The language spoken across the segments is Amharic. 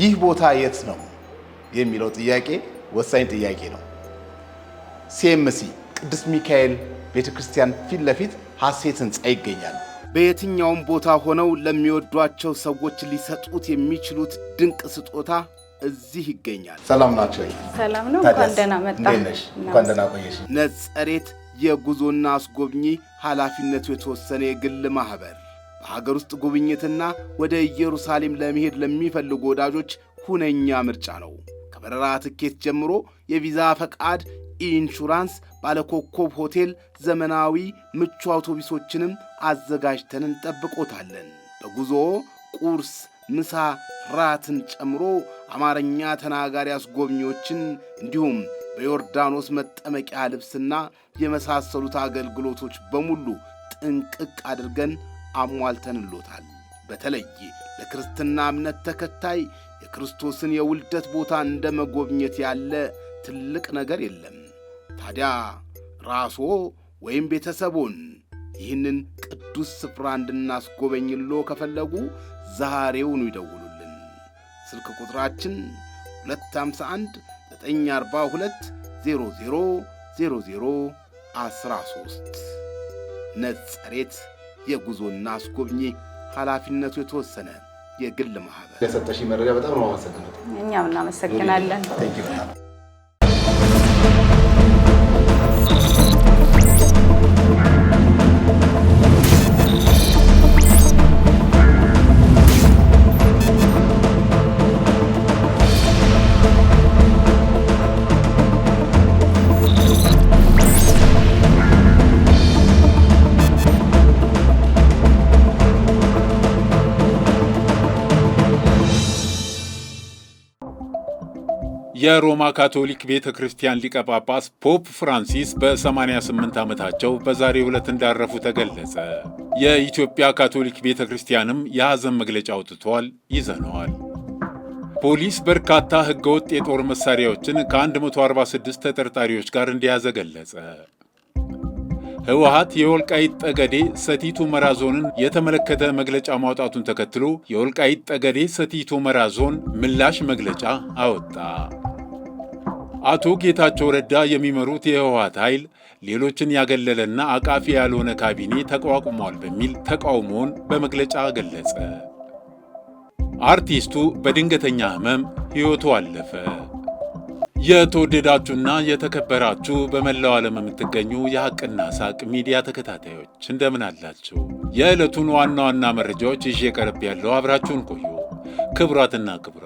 ይህ ቦታ የት ነው የሚለው ጥያቄ ወሳኝ ጥያቄ ነው። ሲኤምሲ ቅዱስ ሚካኤል ቤተክርስቲያን ፊት ለፊት ሐሴት ሕንፃ ይገኛል። በየትኛውም ቦታ ሆነው ለሚወዷቸው ሰዎች ሊሰጡት የሚችሉት ድንቅ ስጦታ እዚህ ይገኛል። ሰላም ናቸው። ሰላም ነው። እንኳን ደህና እንኳን ደህና ቆየሽ። ነጸሬት የጉዞና አስጎብኚ ኃላፊነቱ የተወሰነ የግል ማህበር በሀገር ውስጥ ጉብኝትና ወደ ኢየሩሳሌም ለመሄድ ለሚፈልጉ ወዳጆች ሁነኛ ምርጫ ነው። ከበረራ ትኬት ጀምሮ የቪዛ ፈቃድ፣ ኢንሹራንስ፣ ባለኮከብ ሆቴል፣ ዘመናዊ ምቹ አውቶቡሶችንም አዘጋጅተን እንጠብቆታለን። በጉዞ ቁርስ፣ ምሳ፣ ራትን ጨምሮ አማርኛ ተናጋሪ አስጎብኚዎችን እንዲሁም በዮርዳኖስ መጠመቂያ ልብስና የመሳሰሉት አገልግሎቶች በሙሉ ጥንቅቅ አድርገን አሟልተንሎታል። በተለይ ለክርስትና እምነት ተከታይ የክርስቶስን የውልደት ቦታ እንደ መጎብኘት ያለ ትልቅ ነገር የለም። ታዲያ ራስዎ ወይም ቤተሰቦን ይህንን ቅዱስ ስፍራ እንድናስጎበኝሎ ከፈለጉ ዛሬውኑ ይደውሉልን። ስልክ ቁጥራችን 251 942 13 ነጸሬት የጉዞና አስጎብኚ ኃላፊነቱ የተወሰነ የግል ማህበር። ለሰጠሽ መረጃ በጣም ነው አመሰግናለሁ። እኛም እናመሰግናለን። የሮማ ካቶሊክ ቤተ ክርስቲያን ሊቀ ጳጳስ ፖፕ ፍራንሲስ በ88 ዓመታቸው በዛሬው ዕለት እንዳረፉ ተገለጸ። የኢትዮጵያ ካቶሊክ ቤተ ክርስቲያንም የሐዘን መግለጫ አውጥቷል ይዘነዋል። ፖሊስ በርካታ ሕገወጥ የጦር መሳሪያዎችን ከ146 ተጠርጣሪዎች ጋር እንደያዘ ገለጸ። ህወሀት የወልቃይት ጠገዴ ሰቲቱ መራዞንን ዞንን የተመለከተ መግለጫ ማውጣቱን ተከትሎ የወልቃይት ጠገዴ ሰቲቱ መራዞን ዞን ምላሽ መግለጫ አወጣ። አቶ ጌታቸው ረዳ የሚመሩት የህወሓት ኃይል ሌሎችን ያገለለና አቃፊ ያልሆነ ካቢኔ ተቋቁሟል በሚል ተቃውሞውን በመግለጫ ገለጸ። አርቲስቱ በድንገተኛ ህመም ሕይወቱ አለፈ። የተወደዳችሁና የተከበራችሁ በመላው ዓለም የምትገኙ የሐቅና ሳቅ ሚዲያ ተከታታዮች እንደምን አላችሁ? የዕለቱን ዋና ዋና መረጃዎች ይዤ ቀረብ ያለው አብራችሁን ቆዩ። ክቡራትና ክቡራ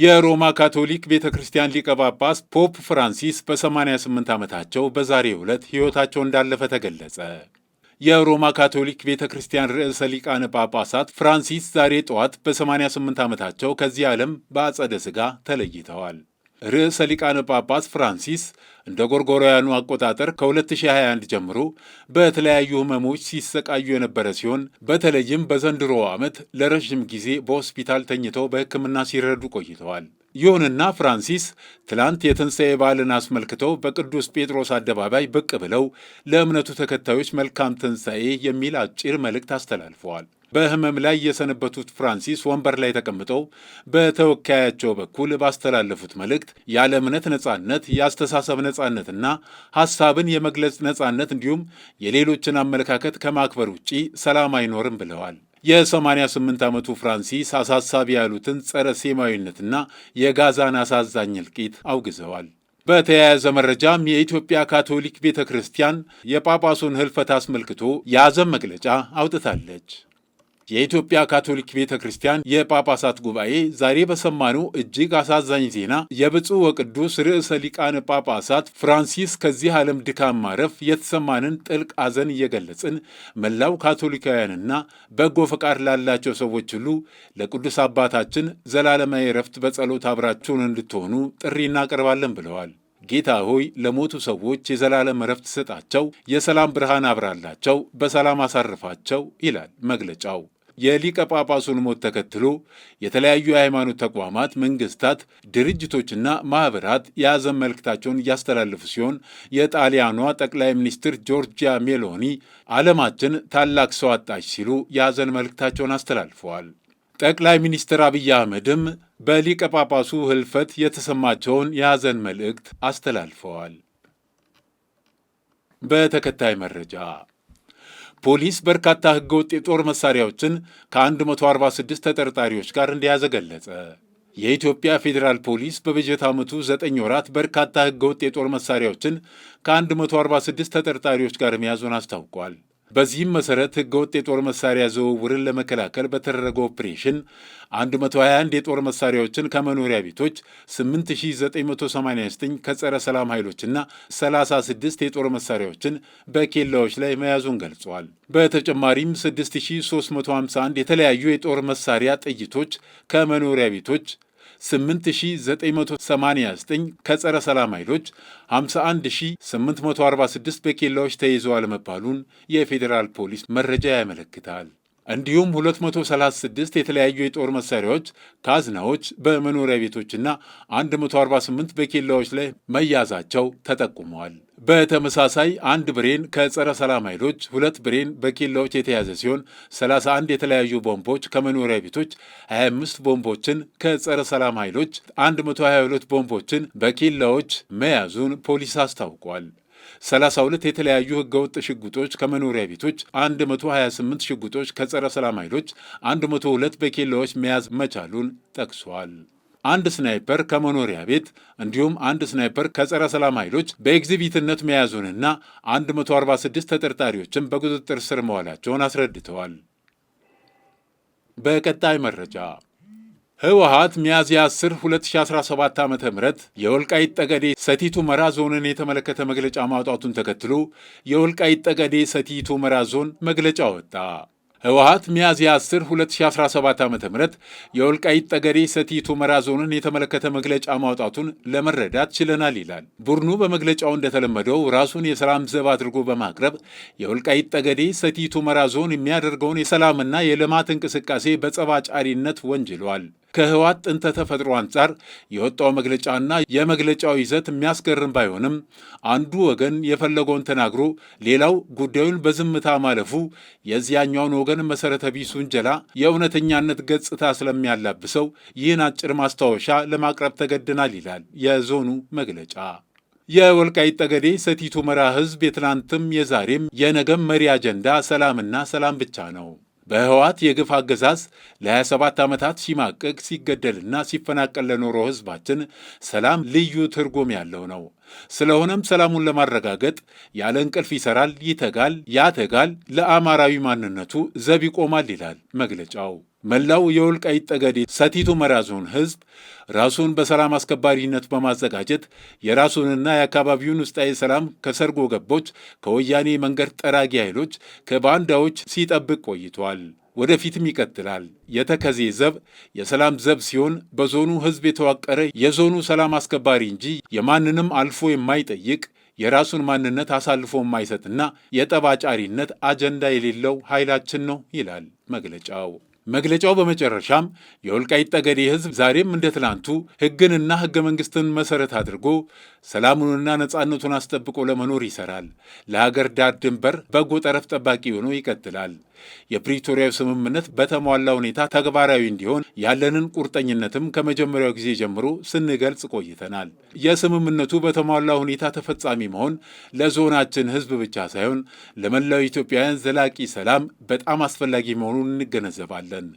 የሮማ ካቶሊክ ቤተ ክርስቲያን ሊቀ ጳጳስ ፖፕ ፍራንሲስ በ88 ዓመታቸው በዛሬ ዕለት ሕይወታቸው እንዳለፈ ተገለጸ። የሮማ ካቶሊክ ቤተ ክርስቲያን ርዕሰ ሊቃነ ጳጳሳት ፍራንሲስ ዛሬ ጠዋት በ88 ዓመታቸው ከዚህ ዓለም በአጸደ ሥጋ ተለይተዋል። ርዕሰ ሊቃነ ጳጳስ ፍራንሲስ እንደ ጎርጎሮያኑ አቆጣጠር ከ2021 ጀምሮ በተለያዩ ህመሞች ሲሰቃዩ የነበረ ሲሆን በተለይም በዘንድሮ ዓመት ለረዥም ጊዜ በሆስፒታል ተኝተው በሕክምና ሲረዱ ቆይተዋል። ይሁንና ፍራንሲስ ትላንት የትንሣኤ በዓልን አስመልክተው በቅዱስ ጴጥሮስ አደባባይ ብቅ ብለው ለእምነቱ ተከታዮች መልካም ትንሣኤ የሚል አጭር መልእክት አስተላልፈዋል። በህመም ላይ የሰነበቱት ፍራንሲስ ወንበር ላይ ተቀምጠው በተወካያቸው በኩል ባስተላለፉት መልእክት ያለ እምነት ነጻነት፣ የአስተሳሰብ ነጻነትና ሀሳብን የመግለጽ ነጻነት እንዲሁም የሌሎችን አመለካከት ከማክበር ውጪ ሰላም አይኖርም ብለዋል። የ88 ዓመቱ ፍራንሲስ አሳሳቢ ያሉትን ጸረ ሴማዊነትና የጋዛን አሳዛኝ እልቂት አውግዘዋል። በተያያዘ መረጃም የኢትዮጵያ ካቶሊክ ቤተ ክርስቲያን የጳጳሱን ህልፈት አስመልክቶ የአዘን መግለጫ አውጥታለች። የኢትዮጵያ ካቶሊክ ቤተ ክርስቲያን የጳጳሳት ጉባኤ ዛሬ በሰማነው እጅግ አሳዛኝ ዜና የብፁዕ ወቅዱስ ርዕሰ ሊቃነ ጳጳሳት ፍራንሲስ ከዚህ ዓለም ድካም ማረፍ የተሰማንን ጥልቅ አዘን እየገለጽን መላው ካቶሊካውያንና በጎ ፈቃድ ላላቸው ሰዎች ሁሉ ለቅዱስ አባታችን ዘላለማዊ እረፍት በጸሎት አብራችሁን እንድትሆኑ ጥሪ እናቀርባለን ብለዋል። ጌታ ሆይ ለሞቱ ሰዎች የዘላለም እረፍት ስጣቸው፣ የሰላም ብርሃን አብራላቸው፣ በሰላም አሳርፋቸው ይላል መግለጫው። የሊቀ ጳጳሱን ሞት ተከትሎ የተለያዩ የሃይማኖት ተቋማት፣ መንግስታት፣ ድርጅቶችና ማኅበራት የሐዘን መልእክታቸውን እያስተላለፉ ሲሆን የጣሊያኗ ጠቅላይ ሚኒስትር ጆርጂያ ሜሎኒ ዓለማችን ታላቅ ሰው አጣች ሲሉ የሐዘን መልእክታቸውን አስተላልፈዋል። ጠቅላይ ሚኒስትር አብይ አህመድም በሊቀ ጳጳሱ ህልፈት የተሰማቸውን የሐዘን መልእክት አስተላልፈዋል። በተከታይ መረጃ ፖሊስ በርካታ ህገወጥ የጦር መሳሪያዎችን ከ146 ተጠርጣሪዎች ጋር እንደያዘ ገለጸ። የኢትዮጵያ ፌዴራል ፖሊስ በበጀት ዓመቱ 9 ወራት በርካታ ህገወጥ የጦር መሳሪያዎችን ከ146 ተጠርጣሪዎች ጋር መያዙን አስታውቋል። በዚህም መሰረት ህገወጥ የጦር መሳሪያ ዝውውርን ለመከላከል በተደረገው ኦፕሬሽን 121 የጦር መሳሪያዎችን ከመኖሪያ ቤቶች፣ 8989 ከጸረ ሰላም ኃይሎችና 36 የጦር መሳሪያዎችን በኬላዎች ላይ መያዙን ገልጸዋል። በተጨማሪም 6351 የተለያዩ የጦር መሳሪያ ጥይቶች ከመኖሪያ ቤቶች 8989 ከጸረ ሰላም ኃይሎች 51846 በኬላዎች ተይዘዋል መባሉን የፌዴራል ፖሊስ መረጃ ያመለክታል። እንዲሁም 236 የተለያዩ የጦር መሳሪያዎች ካዝናዎች በመኖሪያ ቤቶችና 148 በኬላዎች ላይ መያዛቸው ተጠቁመዋል። በተመሳሳይ አንድ ብሬን ከጸረ ሰላም ኃይሎች፣ ሁለት ብሬን በኬላዎች የተያዘ ሲሆን 31 የተለያዩ ቦምቦች ከመኖሪያ ቤቶች፣ 25 ቦምቦችን ከጸረ ሰላም ኃይሎች፣ 122 ቦምቦችን በኬላዎች መያዙን ፖሊስ አስታውቋል። 32 የተለያዩ ህገወጥ ሽጉጦች ከመኖሪያ ቤቶች፣ 128 ሽጉጦች ከጸረ ሰላም ኃይሎች፣ 102 በኬላዎች መያዝ መቻሉን ጠቅሷል። አንድ ስናይፐር ከመኖሪያ ቤት እንዲሁም አንድ ስናይፐር ከጸረ ሰላም ኃይሎች በኤግዚቢትነት መያዙንና 146 ተጠርጣሪዎችን በቁጥጥር ስር መዋላቸውን አስረድተዋል። በቀጣይ መረጃ ህወሓት ሚያዝያ 10 2017 ዓ ም የወልቃይት ጠገዴ ሰቲቱ መራ ዞንን የተመለከተ መግለጫ ማውጣቱን ተከትሎ የወልቃይት ጠገዴ ሰቲቱ መራ ዞን መግለጫ ወጣ። ህወሓት ሚያዝያ 10 2017 ዓ ም የወልቃይት ጠገዴ ሰቲቱ መራ ዞንን የተመለከተ መግለጫ ማውጣቱን ለመረዳት ችለናል ይላል። ቡድኑ በመግለጫው እንደተለመደው ራሱን የሰላም ዘብ አድርጎ በማቅረብ የወልቃይት ጠገዴ ሰቲቱ መራ ዞን የሚያደርገውን የሰላምና የልማት እንቅስቃሴ በጸብ ወንጅሏል። ከህወሓት ጥንተ ተፈጥሮ አንጻር የወጣው መግለጫና የመግለጫው ይዘት የሚያስገርም ባይሆንም አንዱ ወገን የፈለገውን ተናግሮ ሌላው ጉዳዩን በዝምታ ማለፉ የዚያኛውን ወገን መሰረተ ቢስ ውንጀላ የእውነተኛነት ገጽታ ስለሚያላብሰው ይህን አጭር ማስታወሻ ለማቅረብ ተገድናል ይላል የዞኑ መግለጫ። የወልቃይት ጠገዴ ሰቲት ሁመራ ህዝብ የትናንትም የዛሬም የነገም መሪ አጀንዳ ሰላምና ሰላም ብቻ ነው። በህወሓት የግፍ አገዛዝ ለ27 ዓመታት ሲማቅቅ ሲገደልና ሲፈናቀል ለኖረው ህዝባችን ሰላም ልዩ ትርጉም ያለው ነው። ስለሆነም ሰላሙን ለማረጋገጥ ያለ እንቅልፍ ይሰራል፣ ይተጋል፣ ያተጋል፣ ለአማራዊ ማንነቱ ዘብ ይቆማል ይላል መግለጫው። መላው የወልቃይት ጠገዴ ሰቲቱ መራዞን ህዝብ ራሱን በሰላም አስከባሪነት በማዘጋጀት የራሱንና የአካባቢውን ውስጣዊ ሰላም ከሰርጎ ገቦች፣ ከወያኔ መንገድ ጠራጊ ኃይሎች፣ ከባንዳዎች ሲጠብቅ ቆይቷል። ወደፊትም ይቀጥላል። የተከዜ ዘብ የሰላም ዘብ ሲሆን በዞኑ ሕዝብ የተዋቀረ የዞኑ ሰላም አስከባሪ እንጂ የማንንም አልፎ የማይጠይቅ የራሱን ማንነት አሳልፎ የማይሰጥና የጠባጫሪነት አጀንዳ የሌለው ኃይላችን ነው ይላል መግለጫው። መግለጫው በመጨረሻም የወልቃይት ጠገዴ ሕዝብ ዛሬም እንደ ትናንቱ ሕግንና ሕገ መንግሥትን መሠረት አድርጎ ሰላሙንና ነፃነቱን አስጠብቆ ለመኖር ይሰራል። ለሀገር ዳር ድንበር በጎ ጠረፍ ጠባቂ ሆኖ ይቀጥላል። የፕሪቶሪያው ስምምነት በተሟላ ሁኔታ ተግባራዊ እንዲሆን ያለንን ቁርጠኝነትም ከመጀመሪያው ጊዜ ጀምሮ ስንገልጽ ቆይተናል። የስምምነቱ በተሟላ ሁኔታ ተፈጻሚ መሆን ለዞናችን ሕዝብ ብቻ ሳይሆን ለመላው ኢትዮጵያውያን ዘላቂ ሰላም በጣም አስፈላጊ መሆኑን እንገነዘባለን።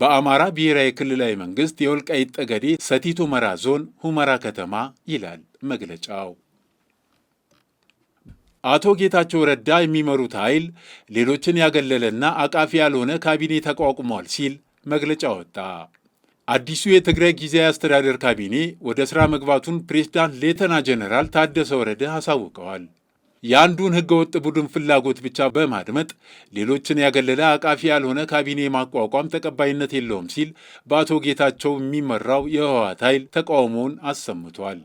በአማራ ብሔራዊ ክልላዊ መንግስት የወልቃይት ጠገዴ ሰቲት ሁመራ ዞን ሁመራ ከተማ ይላል መግለጫው። አቶ ጌታቸው ረዳ የሚመሩት ኃይል ሌሎችን ያገለለና አቃፊ ያልሆነ ካቢኔ ተቋቁሟል ሲል መግለጫ ወጣ። አዲሱ የትግራይ ጊዜያዊ አስተዳደር ካቢኔ ወደ ሥራ መግባቱን ፕሬዝዳንት ሌተና ጀነራል ታደሰ ወረደ አሳውቀዋል። የአንዱን ህገወጥ ቡድን ፍላጎት ብቻ በማድመጥ ሌሎችን ያገለለ አቃፊ ያልሆነ ካቢኔ ማቋቋም ተቀባይነት የለውም ሲል በአቶ ጌታቸው የሚመራው የህወሓት ኃይል ተቃውሞውን አሰምቷል።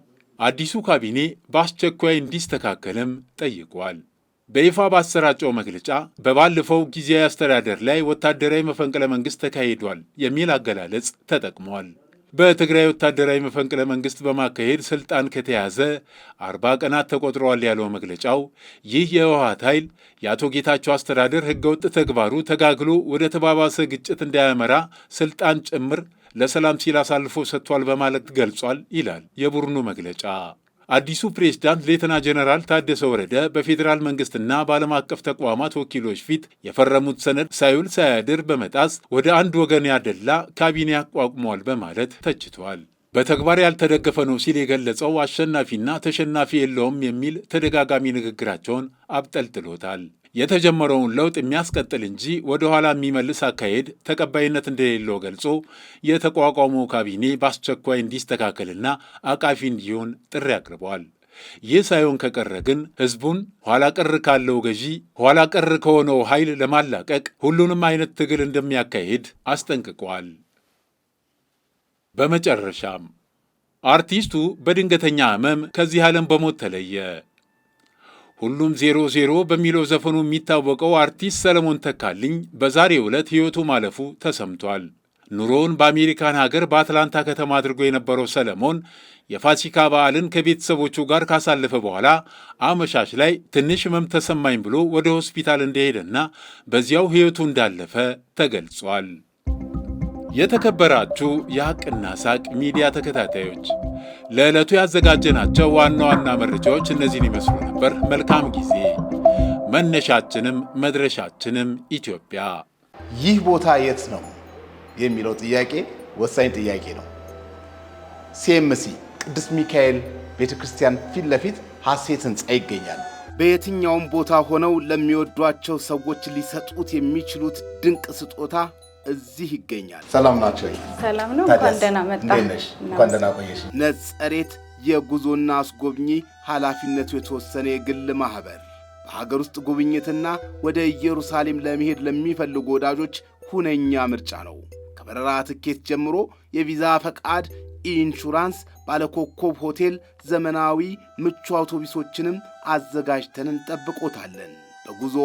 አዲሱ ካቢኔ በአስቸኳይ እንዲስተካከልም ጠይቋል። በይፋ ባሰራጨው መግለጫ በባለፈው ጊዜያዊ አስተዳደር ላይ ወታደራዊ መፈንቅለ መንግሥት ተካሂዷል የሚል አገላለጽ ተጠቅሟል። በትግራይ ወታደራዊ መፈንቅለ መንግስት በማካሄድ ስልጣን ከተያዘ አርባ ቀናት ተቆጥረዋል ያለው መግለጫው ይህ የህወሀት ኃይል የአቶ ጌታቸው አስተዳደር ህገወጥ ተግባሩ ተጋግሎ ወደ ተባባሰ ግጭት እንዳያመራ ስልጣን ጭምር ለሰላም ሲል አሳልፎ ሰጥቷል በማለት ገልጿል ይላል የቡድኑ መግለጫ። አዲሱ ፕሬዝዳንት ሌተና ጀነራል ታደሰ ወረደ በፌዴራል መንግስትና በዓለም አቀፍ ተቋማት ወኪሎች ፊት የፈረሙት ሰነድ ሳይውል ሳያድር በመጣስ ወደ አንድ ወገን ያደላ ካቢኔ አቋቁሟል በማለት ተችቷል። በተግባር ያልተደገፈ ነው ሲል የገለጸው አሸናፊና ተሸናፊ የለውም የሚል ተደጋጋሚ ንግግራቸውን አብጠልጥሎታል። የተጀመረውን ለውጥ የሚያስቀጥል እንጂ ወደ ኋላ የሚመልስ አካሄድ ተቀባይነት እንደሌለው ገልጾ የተቋቋመው ካቢኔ በአስቸኳይ እንዲስተካከልና አቃፊ እንዲሆን ጥሪ አቅርበዋል። ይህ ሳይሆን ከቀረ ግን ህዝቡን ኋላ ቀር ካለው ገዢ ኋላ ቀር ከሆነው ኃይል ለማላቀቅ ሁሉንም አይነት ትግል እንደሚያካሄድ አስጠንቅቀዋል። በመጨረሻም አርቲስቱ በድንገተኛ ህመም ከዚህ ዓለም በሞት ተለየ። ሁሉም ዜሮ ዜሮ በሚለው ዘፈኑ የሚታወቀው አርቲስት ሰለሞን ተካልኝ በዛሬ ዕለት ሕይወቱ ማለፉ ተሰምቷል። ኑሮውን በአሜሪካን ሀገር በአትላንታ ከተማ አድርጎ የነበረው ሰለሞን የፋሲካ በዓልን ከቤተሰቦቹ ጋር ካሳለፈ በኋላ አመሻሽ ላይ ትንሽ ሕመም ተሰማኝ ብሎ ወደ ሆስፒታል እንደሄደና በዚያው ሕይወቱ እንዳለፈ ተገልጿል። የተከበራችሁ የሐቅና ሳቅ ሚዲያ ተከታታዮች ለዕለቱ ያዘጋጀናቸው ዋና ዋና መረጃዎች እነዚህን ይመስሉ ነበር። መልካም ጊዜ። መነሻችንም መድረሻችንም ኢትዮጵያ። ይህ ቦታ የት ነው የሚለው ጥያቄ ወሳኝ ጥያቄ ነው። ሲኤምሲ ቅዱስ ሚካኤል ቤተ ክርስቲያን ፊት ለፊት ሐሴት ህንፃ ይገኛል። በየትኛውም ቦታ ሆነው ለሚወዷቸው ሰዎች ሊሰጡት የሚችሉት ድንቅ ስጦታ እዚህ ይገኛል። ሰላም ናቸው። ሰላም ነው። እንኳን ደህና መጣ። እንኳን ደህና ቆየሽ። ነጸሬት የጉዞና አስጎብኚ ኃላፊነቱ የተወሰነ የግል ማኅበር በሀገር ውስጥ ጉብኝትና ወደ ኢየሩሳሌም ለመሄድ ለሚፈልጉ ወዳጆች ሁነኛ ምርጫ ነው። ከበረራ ትኬት ጀምሮ የቪዛ ፈቃድ፣ ኢንሹራንስ፣ ባለኮከብ ሆቴል፣ ዘመናዊ ምቹ አውቶቡሶችንም አዘጋጅተን እንጠብቆታለን። በጉዞ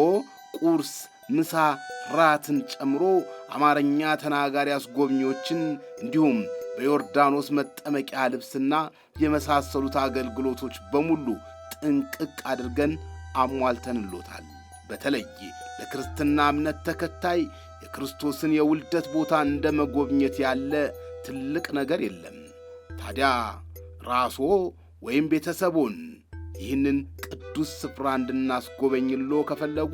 ቁርስ ምሳ፣ ራትን ጨምሮ አማርኛ ተናጋሪ አስጎብኚዎችን እንዲሁም በዮርዳኖስ መጠመቂያ ልብስና የመሳሰሉት አገልግሎቶች በሙሉ ጥንቅቅ አድርገን አሟልተንሎታል። በተለይ ለክርስትና እምነት ተከታይ የክርስቶስን የውልደት ቦታ እንደ መጎብኘት ያለ ትልቅ ነገር የለም። ታዲያ ራስዎ ወይም ቤተሰቦን ይህንን ቅዱስ ስፍራ እንድናስጎበኝሎ ከፈለጉ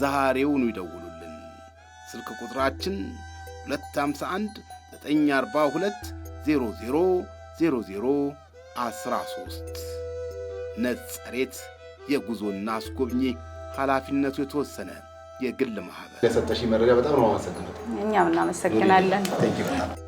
ዛሬውኑ ይደውሉልን። ስልክ ቁጥራችን 251 942 00 00 13 ነጸሬት የጉዞና አስጎብኚ ኃላፊነቱ የተወሰነ የግል ማህበር። ለሰጠሽ መረጃ በጣም ነው አመሰግናለሁ። እኛም እናመሰግናለን።